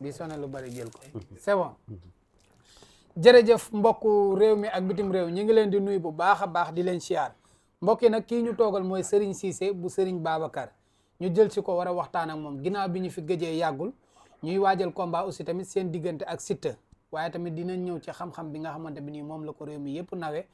bi sone lu bari jël ko mhm. c'est bon mhm. jërëjëf mbokk réew mi ak bitim réew ñu ngi leen di nuyu bu baax a baax di leen siyaar mbokk yi nag kii ñu toogal mooy Serigne Cissé bu Serigne Babacar ñu jël si ko war a waxtaan ak moom ginaaw bi ñu fi gëjee yàggul ñuy waajal combat aussi tamit seen diggante ak Siteu waaye tamit dinañ ñëw ci xam-xam bi nga xamante bi nii moom la ko réew mi yëpp nawe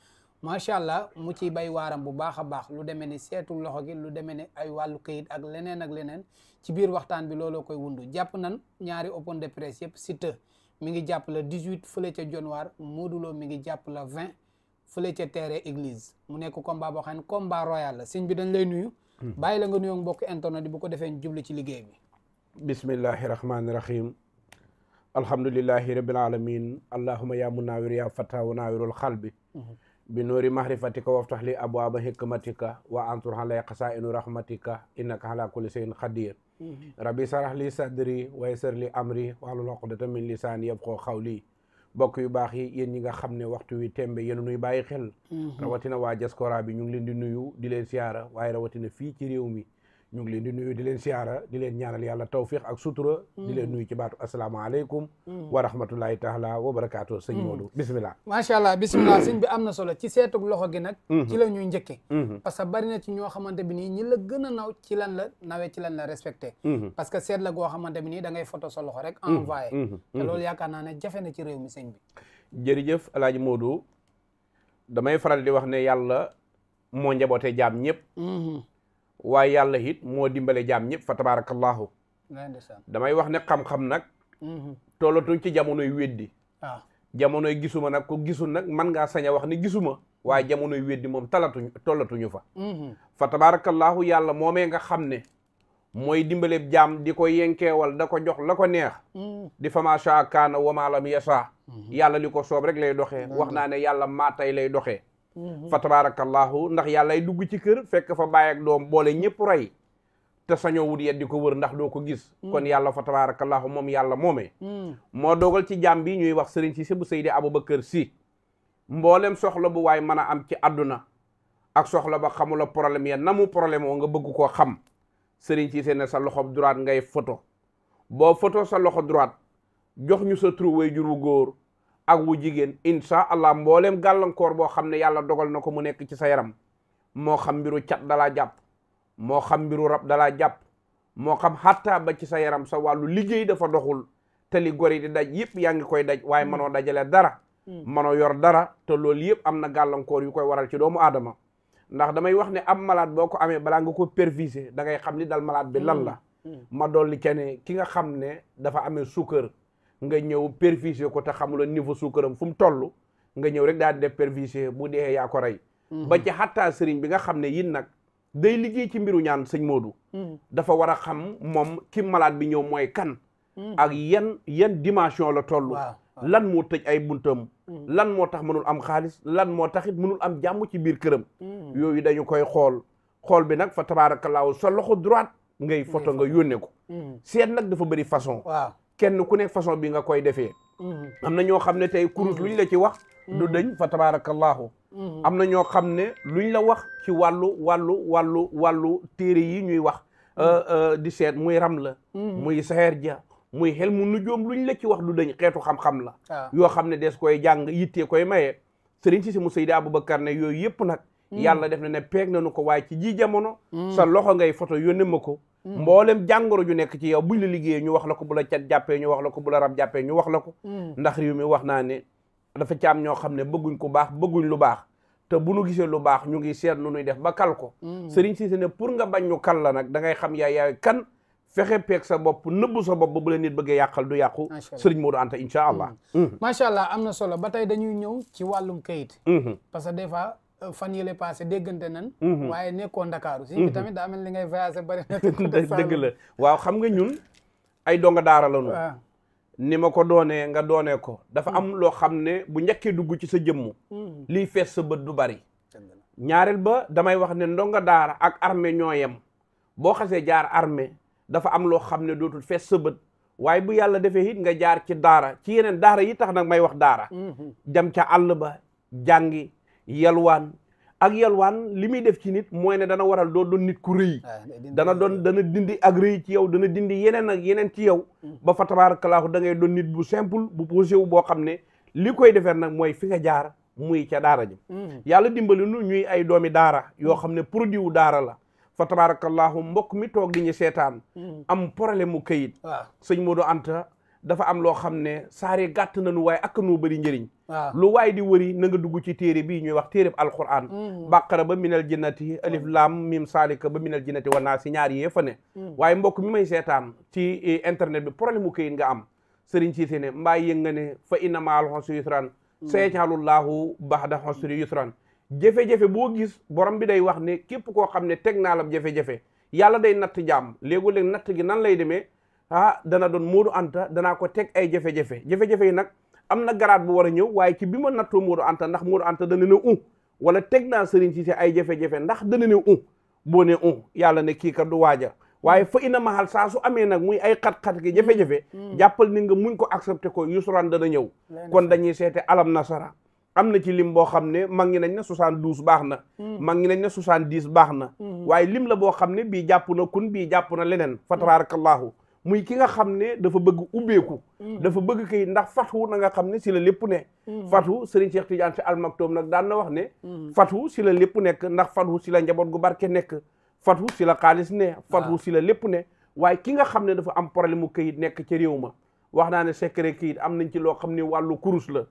macha allah mu ciy bay waaram bu baax a baax lu demee ni seetu loxo gi lu demee ni ay wàllu kayit ak leneen ak leneen ci biir waxtaan bi looloo koy wundu jàpp nan ñaari open de presse yëpp Siteu mi ngi jàpp la 18 fële ca Dionewar Modou Lo mi ngi jàpp la 20 fële ca terre église mu nekk combat boo xam ne combat royal la sëñ bi dañ lay nuyu. Hmm. bàyyi la nga nuyoo mbokk internet bu ko defee ñu ci liggéey bi. bismillahi rahmaani rahim. alhamdulillahi rabbil alamin allahumma yaa munawir yaa fata wanawirul bi nuuri mahrifatika waftax li abwaaba hikmatika wa antur alay xasaa'inu rahmatika innaka ala kulli shay'in qadir mhm. rabbi sarax li sadri wa yassir li amri wahlul uqdatan min lisaani yabqoo xawli bokk yu baax yi yéen ñi nga xam ne waxtu wi tembe yéen nuy bàyyi xel mhm. rawatina waa diaspora bi ñu ngi leen di nuyu di leen siyaara waaye rawatina fii ci réew mi ñu ngi leen di nuyu di leen siyaara di leen ñaanal yàlla tawfiq ak sutura mm. di leen nuyu ci baatu asalaamaaleykum mm. wa rahmatullahi taala wa barakaatu sëñ mm. Modou bismillah macha allah bismillah sëñ bi am na solo ci seetug loxo gi nag mm-hmm. ci la ñuy njëkkee mm-hmm. parce que bari na ci ñoo xamante bi nii ñi la gën a naw ci lan la nawee ci lan la respecté mm-hmm. parce que seet la goo xamante bi nii da ngay photo sa loxo rek envoyé te loolu yaakaar naa ne jafe na ci réew mi sëñ bi jërëjëf alaaji Modou faral di wax ne yàlla moo njabootee jaam ñëpp waaye yàlla it moo dimbale jaam ñëpp fa tabaarakallaahu damay wax ne xam-xam nag mhm. tollatuñ ci jamonoy weddi waaw ah. jamonoy gisuma nag ko gisul nag man nga saña a wax ni gisuma waaye mhm. jamonoy weddi moom talatuñ tollatuñu fa mhm. fa tabaarakallaahu yàlla moomee nga xam ne mooy dimbale jaam di ko yenkeewal da ko jox la ko neex di fa maa shaa kaana wa maa yasaa yàlla di ko soob rek lay doxee wax naa ne yàlla maa tey lay doxee Mm-hmm. fa tabarakallahu ndax yàlla ay dugg ci kër fekk fa baay ak doom boole ñëpp rey te sañoo wut yet di ko wër ndax doo ko gis mm. kon yàlla fa tabarakallahu moom yàlla moomee mm. moo dogal ci jàmm bi ñuy wax sëriñ si si bu Seydi Aboubacar si mboolem soxla bu waay mën a am ci àdduna ak soxla ba xamula problème ya namu mu problème nga bëgg koo xam sëriñ si seen sa loxo droite ngay photo boo photo sa loxo droite jox ñu sa trou way jur wu góor ak wu jigéen incha allah mbooleem gàllankoor boo xam ne yàlla dogal na ko mu nekk ci sa yaram moo xam mbiru cat dalaa jàpp moo xam mbiru rab dalaa jàpp moo xam xattaa ba ci sa yaram sa wàllu liggéey dafa doxul te li gor yi di daj yëpp yaa ngi koy daj waaye mm. manoo dajale dara mm. manoo yor dara te loolu yëpp am na gàllankoor yu koy waral ci doomu aadama ndax damay wax ne am malaat boo ko amee balaa nga ko perviser da ngay xam li dal malaat bi lan la mm. ma dolli ca ne ki nga xam ne dafa amee sukkër nga ñëw perfuser ko te xamuloo niveau suukaram fu mu toll nga ñëw rek daal di def perfuser bu dee yaa ko rey mhm. ba ci xattaa sëriñ bi nga xam ne yin nag day liggéey ci mbiru ñaan sëñ Modou mhm. dafa war a xam moom ki malade bi ñëw mooy kan mhm. ak yan yan dimension la toll lan moo tëj ay buntam lan moo tax mënul am xaalis lan moo taxit mënul am jàmm ci biir këram yooyu dañu koy xool xool bi nag fa tabaarakallaahu sa loxo droit ngay photo nga yónnee ko seet nag dafa bëri façon waaw kenn ku nekk façon bi nga koy defee mm-hmm. am na ñoo xam ne tey kurus mm-hmm. luñ la ci wax du mm-hmm. dañ fa tabaarakallaahu am na ñoo xam ne luñ la wax ci wàllu wàllu wàllu wàllu téere yi ñuy wax euh, euh, di seet muy ram la muy saxeer ja muy xel mu nujoom luñ la ci wax du dañ xeetu xam-xam la ah. yoo xam ne des koy jàng yittee koy mayee sëriñ si si mu Seydi Aboubacar ne yooyu yëpp nag Mm. yàlla def na ne peeg nañu ko waaye ci ji jamono mm. sa loxo ngay photo yónnee ma ko mm. mboolem jàngoro ju nekk ci yow buñ la liggéeyee ñu wax la ko bu la cat jàppee ñu wax la ko bu la rab jàppee ñu wax la ko ndax réew mi wax naa ne dafa ci ñoo xam ne bëgguñ ko baax bëgguñ lu baax te bu nu gisee lu baax ñu ngi seet nu nuy def ba kal ko sëriñ si ne pour nga bañ ñu kal la nag dangay xam yaay yaay kan fexe peeg sa bopp nëbbu sa bopp bu la nit bëggee yàqal du yàqu sëriñ Modou Anta incha allah macha allah na solo ba tey dañuy ñëw ci wàllum kayit mm-hmm. Euh, fan yële passé déggante nan mhm. waaye nekkoo ndakaaru si bi mhm. tamit daa mel li ngay voyagé bari na dëgg la waaw xam nga ñun ay donga daara la ñu ni ma ko doonee nga doonee ko dafa mhm. am loo xam ne bu njëkkee dugg ci sa jëmmu lii fees sa bët du bari ñaareel ba damay wax ne ndonga daara ak armée ñoo yem boo xasee jaar armée dafa am loo xam ne dootul fees sa bët waaye bu yàlla defee it nga jaar ci daara ci yeneen daara yi tax nag may wax daara dem ca àll ba jàngi yalwaan ak yalwaan li muy def ci nit mooy ne dana waral doo doon nit ku rëy ah, dana doon dana dindi ak ci yow dana dindi yeneen ak yeneen ci yow mm. ba fa tabarakallahu da ngay nit bu simple bu posé wu boo xam ne li koy defee nag mooy fi nga jaar muy ca daara ji mm. yàlla dimbali nu ñuy ay doomi daara yoo mm. xam ne produit wu daara la fa tabarakallahu mbokk mi toog di ñu seetaan am problème mu këyit ah. sëñ Modou Anta dafa am loo xam ne saare gàtt lu waaye ak noo bëri njëriñ lu waay di wari nanga dugg ci téere bii ñuy wax téereb alquran mm. bàqara ba minal jinnati alif lam mim saalika ba minal jinnati wa naa si ñaar yee fa ne mm. waaye mbokk mi may seetaan ci eh, internet bi problème mu këyit nga am sëriñ Cissé ne mbaa yëg nga ne fa inna maal xosri yusran mm. sayaj'alullaahu ba'da xosri yusran jafe-jafe boo gis borom bi day wax ne képp koo xam ne teg naa la jafe yàlla day natt jàmm léegoo léeg natt gi nan lay demee ah dana doon Modou Anta danaa ko teg ay jafe-jafe jafe yi nag am na garaat bu war a ñëw waaye ci bi ma nattoo Modou Anta ndax Modou Anta dana ne u wala teg naa Serigne Cissé ay jafe-jafe ndax dana ne u boo ne u yàlla ne kii kat du waaja waaye fa ina mahal saa su amee nag muy ay xat-xat gi jafe-jafe mm. Mm. jàppal ni nga muñ ko accepté ko yusuran dana ñëw kon dañuy seete alam nasara am na ci lim boo xam ne mag ñi nañ na soixante-douze baax na mm. mag ñi nañ na soixante-dix baax na waaye lim la boo xam ne bii jàpp na bii jàpp na leneen fa tabarakallahu muy ki nga xam ne dafa bëgg ubbeeku mm. dafa bëgg kay ndax fatu na nga xam ne si la lépp ne mm. fatu Serigne Cheikh Tidiane si almaktoom nag daan na wax ne mm. fatu si la lépp nekk ndax fatu si la njaboot gu barke nekk fatu si la xaalis ne ah. fatu si la lépp ne waaye ki nga xam ne dafa am problème mu kayit nekk ca réew ma wax naa ne secret kayit am nañ ci loo xam ne wàllu kurus la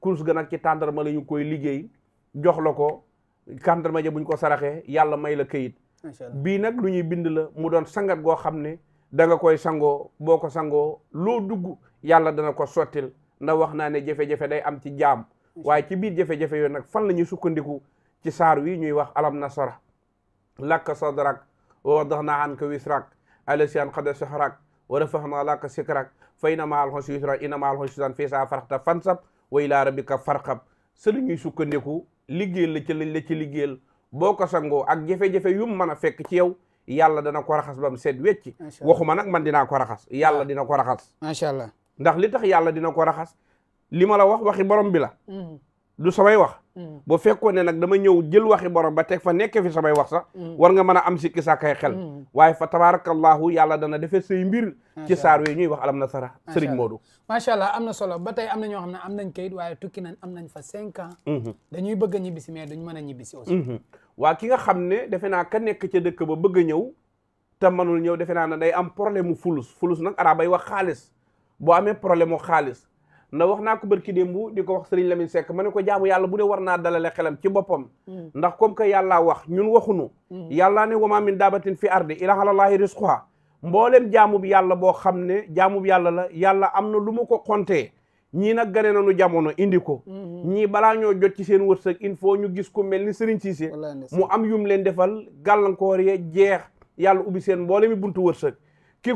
kurus ga nag ci tàndarma la ñu koy liggéey jox la ko tàndarma ja buñ ko saraxee yàlla may la kayit bii nag lu ñuy bind la mu doon sangat goo xam ne da nga koy sangoo boo ko sangoo loo dugg yàlla dana ko sottil ndax wax naa ne jafe-jafe day am ci jaam waaye ci biir jafe-jafe yooyu nag fan la ñuy sukkandiku ci saar wi ñuy wax alam nasara lakka sadrak wa wadaxnaa anka wisrak alasian xada sahrak wa rafaxnaa laka sikrak fa ina maal xos yusra ina maal xos yusran fii saa faraxta fansab wa ilaa rabbika farxab sa la ñuy sukkandiku liggéeyal la ci ci liggéeyal boo ko sangoo ak jafe-jafe yum mën a fekk ci yow yàlla dana ko raxas ba mu seet wecc waxuma nag man dinaa ko raxas ah. yàlla dina ko raxas macha allah ndax li tax yàlla dina ko raxas li ma la wax waxi borom bi la mm. du samay wax mm. boo fekkoon ne nag dama ñëw jël waxi borom ba teg fa nekk fi samay wax sax mm. war nga mën a am si ki sàkkay xel mm. waaye fa tabarakallahu yàlla dana defee say mbir ci saar yooyu ñuy wax alam nasara sëriñ Moodu macha allah am na solo ba tey am na ñoo xam ne am nañ kayit waaye tukki nañ am nañ fa cinq ans mhm. dañuy bëgg ñibbisi mais duñ mën a ñibbisi aussi mhm. waa ki nga xam ne defe naa ka nekk ca dëkk ba bëgg a ñëw te manul ñëw defe naa ne day am problème mu fulus fulus nag arabay wax xaalis boo amee problème mu xaalis ndax wax naa ko barki démb di ko wax la Lamine Seck ma ne ko jaamu yàlla bu dee war naa dalale xelam ci boppam hmm. ndax comme que yàllaa wax ñun waxunu hmm. yàllaa ne wama min daabatin fi ardi ilaa alallaahi risquha mboolem jaamub yàlla boo xam ne jaamub yàlla la yàlla am na lu mu ko kontee ñii nag gane nu jamono indi ko hmm. ñii balaa ñoo jot ci seen wërsëg il faut ñu gis ku mel ni Serigne Cissé mu am yum leen defal gàllankoor ye jeex yàlla ubbi seen mboolemi buntu wërsëg kii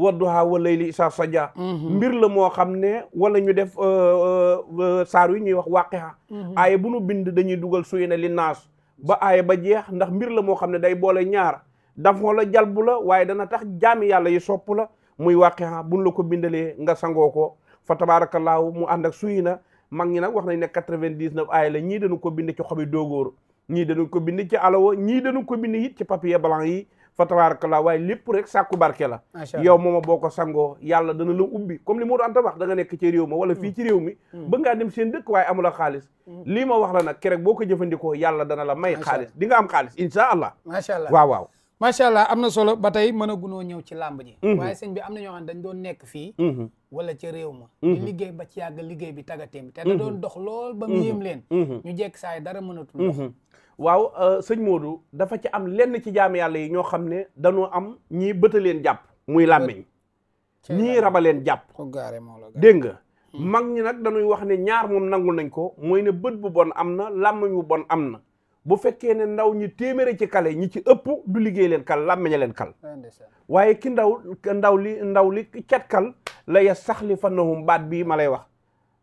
wadduha wa layli isa saja mhm. mbir la moo xam ne wala ñu def euh, euh, euh, saar yi ñuy wax waqiha mhm. aaye bu nu bind dañuy dugal suy na li naas ba aaye ba jeex ndax mbir la moo xam ne day boole ñaar dafoo la jalbu la waaye dana tax jaami yàlla yi soppu la muy bu buñ la ko bindalee nga sangoo ko fa laaw mu ànd ak suy na mag ñi nag wax nañ ne quatre-vingt-dix-neuf aaye la ñii dañu ko bind ci xobi doogóor ñii dañu ko bind ci alawa ñii dañu ko bind ci papier blanc yi fa tabaarakallaa waaye lépp rek sàkku barke la yow mooma boo ko sangoo yàlla dana la ubbi comme li Modou Anta wax da nga nekk ci réew ma wala fii ci réew mi mm. bëgg ngaa dem seen dëkk waaye mm. ma wax na nag kerek boo ko jëfandikoo yàlla dana la may xaalis di nga am xaalis insha allah macha allah waaw waaw macha allah am na solo ba tey mën a ñëw ci làmb ji mm-hmm. waaye sëñ bi am na ñoo xam ne dañ doon nekk fii mm-hmm. wala ca ma mm-hmm. di ba ci yàgg liggéey bi tagateem bi te da dox lool ba mu yéem leen ñu jekk saay dara mënatul dox waaw euh, sëñ Modou dafa ci am lenn ci jaam yàlla yi ñoo xam ne dañoo am ñii bëta leen jàpp muy làmmiñ ñii raba leen jàpp dégg nga hmm. mag ñi nag dañuy wax ne ñaar moom nangu nañ ko mooy ne bët bu bon am na làmmiñ wu bon am na bu fekkee ne ndaw ñi téeméere ci kale ñi ci ëpp du liggéey leen kal làmmiñ leen kal waaye ki ndaw ndaw li ndaw li cat kal la ya saxli fannahum baat bii ma lay wax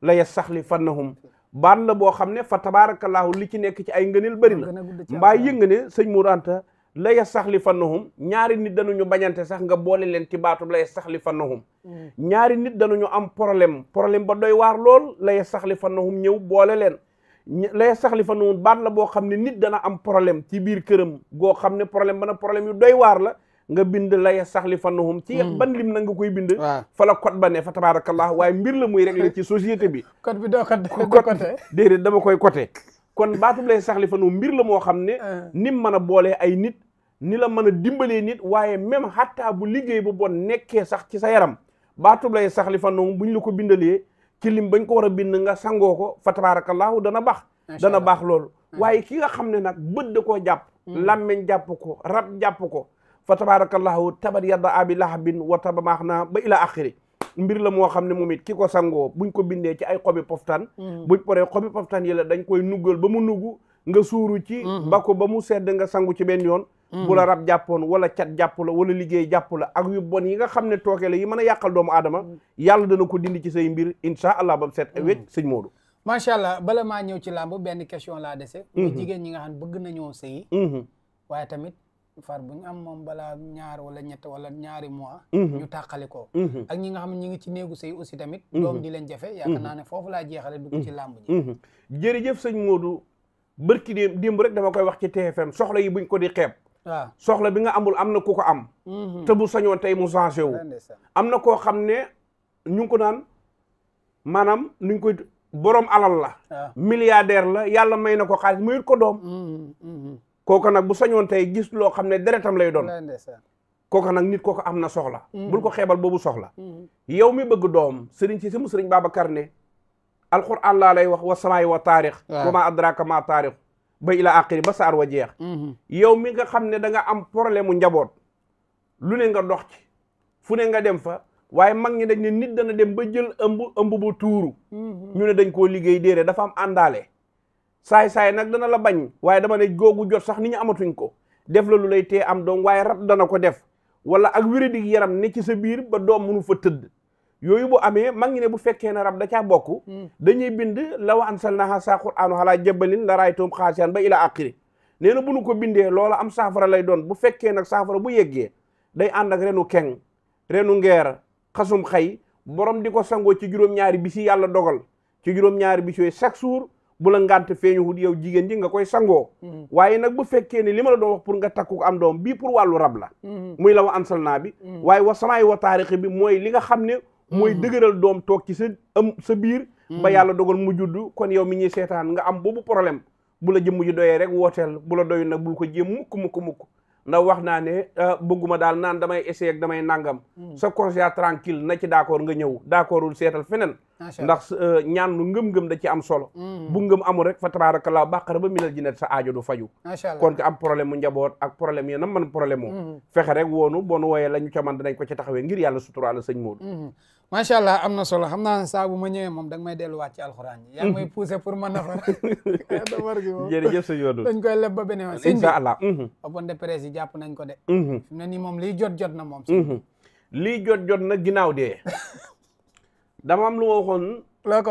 la ya saxli fannahum baat la boo xam ne fa tabaarakallaahu li ci nekk ci ay ngëneel bëri na mbaa yënga sëñ sëñ Mour Anta la yastaxlifannahum ñaari nit dañu ñu bañante sax nga boole leen ci baatub la yastaxlifannahum mm. ñaari nit dañu ñu am problème problème ba doy waar lool la yastaxlifannahum ñëw boole leen la yastaxlifannahum baat la boo xam ne nit dana am problème ci biir këram goo xam ne problème na problème yu doy waar la nga bind laya saxli na fannahum ci hmm. ban lim na nga koy bind fa la code ba ne fa tabarakallah waaye mbir la muy régler ci société bi code bi doo ko côté déedéet dama koy côté kon baatub lay saxli fannahum mbir la moo xam ne ah. nim mën a boolee ay nit ni la mën a dimbalee nit waaye même xattaa bu liggéey bu bon nekkee sax ci sa yaram baatub lay saxli fannahum buñ la ko bindalee ci lim bañ ko war a bind nga sangoo ko fa tabarakallahu dana baax dana baax loolu ah. waaye ki nga xam ne nag bët da koo jàpp hmm. lammeñ jàpp ko rab jàpp ko fa tabarakallahu tabat yadda abi lahabin wa taba maax naa ba ila axiri mbir la moo xam ne moom it ki ko sangoo buñ ko bindee ci ay xobi poftan mm. buñ paree xobi poftan yi la dañ koy nuggal ba mu nugg nga suuru ci mm-hmm. ba ko ba mu sedd nga sangu ci benn yoon mm-hmm. bu la rab jàppoon wala cat jàpp la wala liggéey jàpp la ak yu bon yi nga xam ne tooke la yi mën a yàqal doomu aadama mm-hmm. yàlla dana ko dindi ci say mbir insha allah ba mu set wecc sëñ Moodu macha allah bala maa ñëw ci làmb benn question laa dese muy jigéen ñi nga xam ne bëgg nañoo sëyi waaye tamit far bu ñu am moom balaa ñaar wala wala ñaari mois mhm. ñu tàqali ko mhm. ak ñi nga xam ne ñi ngi ci néegu sëy aussi tamit mhm. doom di leen jafe yaakaar naa ne foofu laa jeexale dugg ci làmb ji jërëjëf sëñ Modou bërki di démb rek dama koy wax ci TFM soxla yi buñ ko di soxla bi nga amul am na ku ko am te bu sañoon tey mu changé wu am na koo xam ne ñu ngi ko naan maanaam nuñ koy borom alal la milliardaire la yàlla may na ko xaalis mayut ko doom kooka nag bu sañoon tey gis loo xam ne deretam lay doon kooka nag nit kooka am na soxla mm-hmm. bul ko xeebal boobu soxla mm-hmm. yow mi bëgg doom sëriñ ci si mu sëriñ Babacar karne alquran laa lay wax wa samaay wa taarix wa ma adraka ma taarix ba ila aqiri ba saar wa jeex mm-hmm. yow mi nga xam ne da nga am problème mu njaboot lu ne nga dox ci fu ne nga dem fa waaye mag ñi dañ ne nit dana dem ba jël ëmb ëmb bu tuuru ñu ne dañ koo liggéey déedéet dafa am àndaale saay-saay nag dana la bañ waaye dama ne googu jot sax nit ñi amatuñ ko def la lu lay tee am doom waaye rab dana ko def wala ak wéradik yaram ne ci sa biir ba doom mënu fa tëdd yooyu bu amee mag ñi ne bu fekkee ne rab da caa bokk hmm. dañuy bind law anzalnaa haazaa qur'aanan alaa jabalin la ra'aytahu xaashi'an ba ila axiri nee na bu nu ko bindee loola am saafara lay doon bu fekkee nag saafara bu yeggee day ànd ak renu keng renu ngeer xasum xay borom di ko sangoo ci juróom-ñaari bis yàlla dogal ci juróom-ñaari bis chaque jour bu la ngànt feeñuwut yow jigéen ji nga koy sangoo mm-hmm. waaye nag bu fekkee ne li ma la doon wax pour nga takku am doom bii pour wàllu rab la mm-hmm. muy la wa ansal naa bi mm-hmm. waaye wa samaay wa taarixi bi mooy li nga xam ne mooy dëgëral doom toog ci sa am sa biir ba yàlla dogal mu judd kon yow mi ñuy seetaan nga am boobu problème bu la jëmm ji doyee rek wooteel bu la doyu nag bul ko jéem mukk mukk mukk ndax wax naa ne euh, bëgguma daal naan damay essayer ak damay nangam. Hmm. sa conscience tranquille na ci d'accord nga ñëw d'accordul seetal feneen. ndax euh, ñaan lu ngëm-ngëm da ci am solo. Hmm. bu ngëm amu rek fa tabaarakallaa bàqara ba minal jinnet sa aajo du faju kon ko am problème mu njaboot ak problème yéen a man problème moo hmm. fexe rek woonu bonu wooyee la ñu ca man danañ ko ci taxawee ngir yàlla suturaal sëñ Moodu macha allah am na solo xam naa saa ma ñëwee moom dang nga may delluwaat ci alxuraan yi. yaa ngi may poussé pour ma nafar. jërëjëf sëñ Yodu dañ koy leb ba beneen yoon. incha allah mhm. open de presse yi jàpp nañ ko de. Mhm. fi mu nii moom lii jot jot na moom. Mhm. lii jot jot na ginnaaw de dama am lu ma loo ko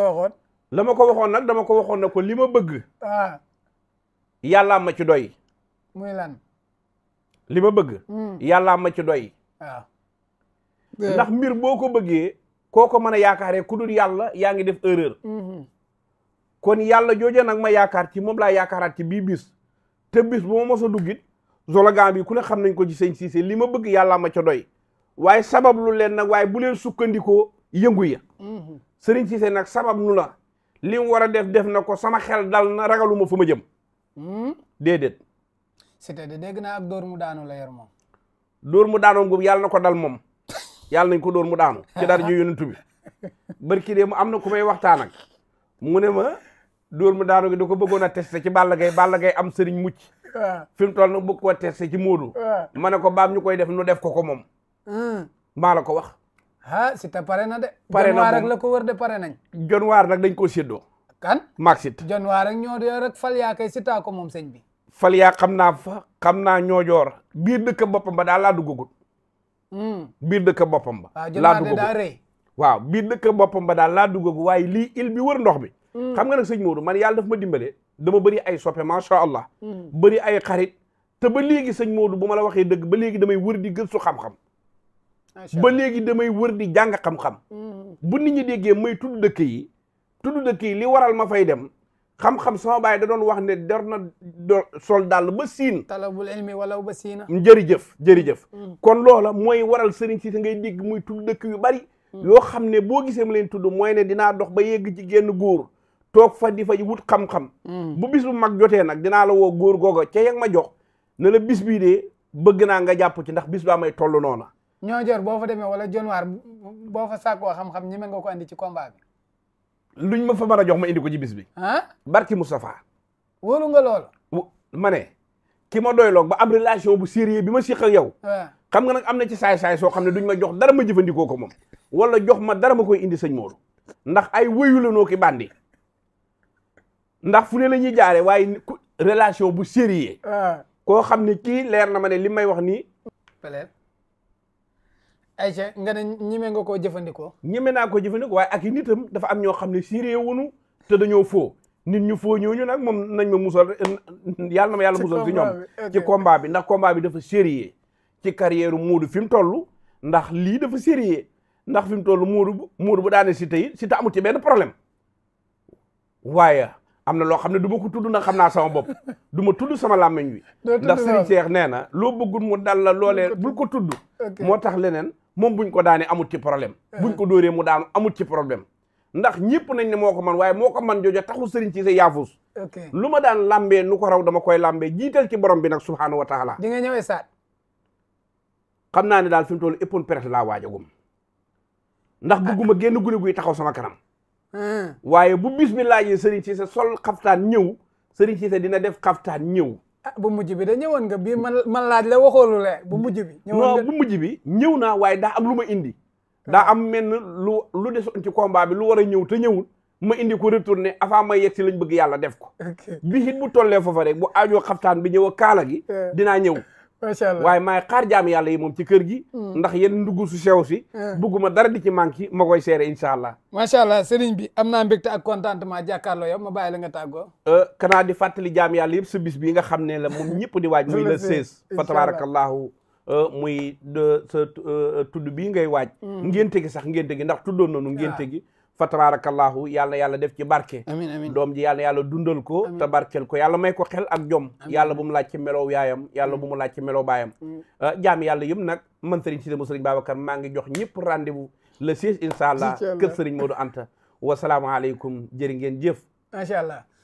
waxoon. la ko waxoon nag dama ko waxoon na ko li ma bëgg. ah. ma ci doy. muy lan. ma bëgg. Hmm. yàllaa ma ci doy. waaw. Ah. ndax mbir boo ko bëggee. koo ko mën a yaakaaree ku dul yàlla yaa ngi def erreur. Mhm. kon yàlla jooja nag ma yaakaar ci moom laa yaakaaraat ci bii bis. te bis bu ma mos a duggit slogan bi ku ne xam nañ ko ci sëñ Cissé li ma bëgg yàlla ma ca doy. waaye sabab leen nag waaye bu leen sukkandikoo yëngu ya. Mhm. sëriñ Cissé nag sabab nu la li mu war a def def na ko sama xel dal na ragalu ma fu ma jëm. Mhm. déedéet. c'est-à-dire dégg naa ak dóor mu daanu la yor moom. dóor mu daanoom yàlla na ko dal moom. yàlla nañ ko door mu daanu ci dara ju yonent bi barki dee mu am na ku may waxtaan ak mu ne ma dóor mu daanu gi da ko bëggoon a testé ci Balla gay Balla gay am sëriñ mucc fi mu toll nag bëgg koo testé ci Modou ma ne ko baam ñu koy def nu def ko ko moom hmm. maa la ko wax ah si pare na de pare na rek la ko wër de pare nañ jon waar nag dañ koo séddoo kan maag sit jon waar ak ñoo rek fal yaa kay sitaa ko moom sëñ bi fal yaa xam naa fa xam naa ñoo joor biir dëkk boppam ba daal laa duggagut Hmm. biir dëkk boppam ba. Ah, laa dugg waaw biir dëkk boppam ba daal laa dugg waaye lii il war ndox bi. Hmm. xam nga nag sëñ Modou man yàlla dafa ma dimbale dama bëri ay soppe macha allah. Hmm. bëri ay xarit te ba léegi sëñ Modou bu ma la waxee dëgg ba léegi damay wër di gëstu xam-xam. ba léegi damay wër di jàng xam bu nit ñi déggee may tudd dëkk yi. tudd dëkk yi li waral ma fay dem xam-xam sama baay da doon wax ne der na sol dàll ba siin. talabul ilmi walaw ba siina. jërëjëf jërëjëf. Mm. kon loola mooy waral sëriñ si ngay dégg muy tudd dëkk yu bari. Mm. yoo xam ne boo gisee mu leen tudd mooy ne dinaa dox ba yegg ci génn góor. toog fa di fa wut xam-xam. Mm. bu bis bu mag jotee nag dinaa la woo góor googa ca yeg ma jox. ne la bis bii bëgg naa nga jàpp ci ndax bis baa may toll noona ñoo jor boo fa demee wala januar boo fa sàkkoo xam-xam ñi mën nga ko andi ci combat luñ ma fa mën a jox ma indi ko ci bis bi. ah barki Moustapha. wóolu nga lool. ma ne ki ma doy loog ba am relation bu sérieux bi ma siq ak yow. xam nga nag am na ci saay-saay soo xam ne duñ ma jox dara ma jëfandikoo ko moom. wala jox ma dara ma koy indi sañ Modou. ndax ay wéyu la noo ki bandi. ndax fu ne la jaaree waaye relation bu sérieux. koo xam ne kii leer na ma ne li may wax nii. ayca nga ne ñime nga koo jëfandikoo. ñime naa ko jëfandikoo waaye ak i nitam dafa am ñoo xam ne siree wunu te dañoo foo nit ñu foo ñu nag moom nañ ma musal yàlla na ma yàlla musal si ñoom ci combat bi ndax combat bi dafa sérieux ci carrière Modou fi mu toll ndax lii dafa sérieux ndax fi mu toll Modou Modou bu daane si tey si te amul ci benn problème waaye am na loo xam ne du ma ko tudd nag xam naa sama bopp du ma tudd sama làmmiñ wi ndax Serigne Cheikh nee na loo bëggul mu dal la loolee bul ko tudd moo tax leneen moom buñ ko daanee amut ci problème eh. buñ ko dooree mu daanu amut ci problème ndax ñëpp nañ ne moo ko man waaye moo ko man jooja taxul sëriñ ci sa yaafus lu ma daan lambee nu ko raw dama koy lambee jiital ci borom bi nag subhaanahu wa taala di nga ñëwee saat xam naa ne daal fi mu toll épon laa waajagum ndax ah. génn gune guy taxaw sama kanam ah. waaye bu bis bi laajee ci sa sol xaftaan ñëw sëriñ ci sa dina def xaftaan ñëw Ah, bu mujj bi da ñëwoon nga bii man man laaj la waxoolu le bu mujj bi. ñëwoon bu mujj bi ñëw naa waaye daa am lu ma indi. Ah. daa am menn lu lu desoon ci combat bi lu war a ñëw te ñëwul. ma indi ko retourné avant ma yegg si lañ bëgg yàlla def ko. bi hit bu tollee foofa rek bu aajoo xaftaan bi ñëw kaala gi. Eh. dinaa ñëw. macha allah waaye maay xaar jaam yàlla yi moom ci kër gi. Hmm. ndax yéen ndugg su sew si. Hmm. bugguma dara di ci manqué ma koy seere incha allah. macha allah sëriñ bi am naa mbégte ak contentement jàkkaarloo yow ma bàyyi la nga tàggoo. Euh, kanaa di fàttali jaam yàlla yëpp sa bis bii nga xam ne la moom ñëpp di waaj. muy le 16 fa tabarakallahu euh, muy sa euh, tudd bii ngay waaj. Hmm. ngénte gi sax ngénte gi ndax tuddoon noonu ngénte gi. fa tabaarakallaahu yalla yàlla def ci barke amiin amiin doom ji yàlla yàlla dundal ko te barkeel ko yàlla may ko xel ak jom yàlla bu mu laaj ci melow yaayam yalla bu mu laaj ci melow baayam ah, jaam yàlla yëpp nag man sëriñ Cissé mu sëriñ Babacar maa ngi jox ñëpp rendez-vous le 16 incha allah kër sëriñ Modou Anta wasalaamualeykum jërë ngeen jëf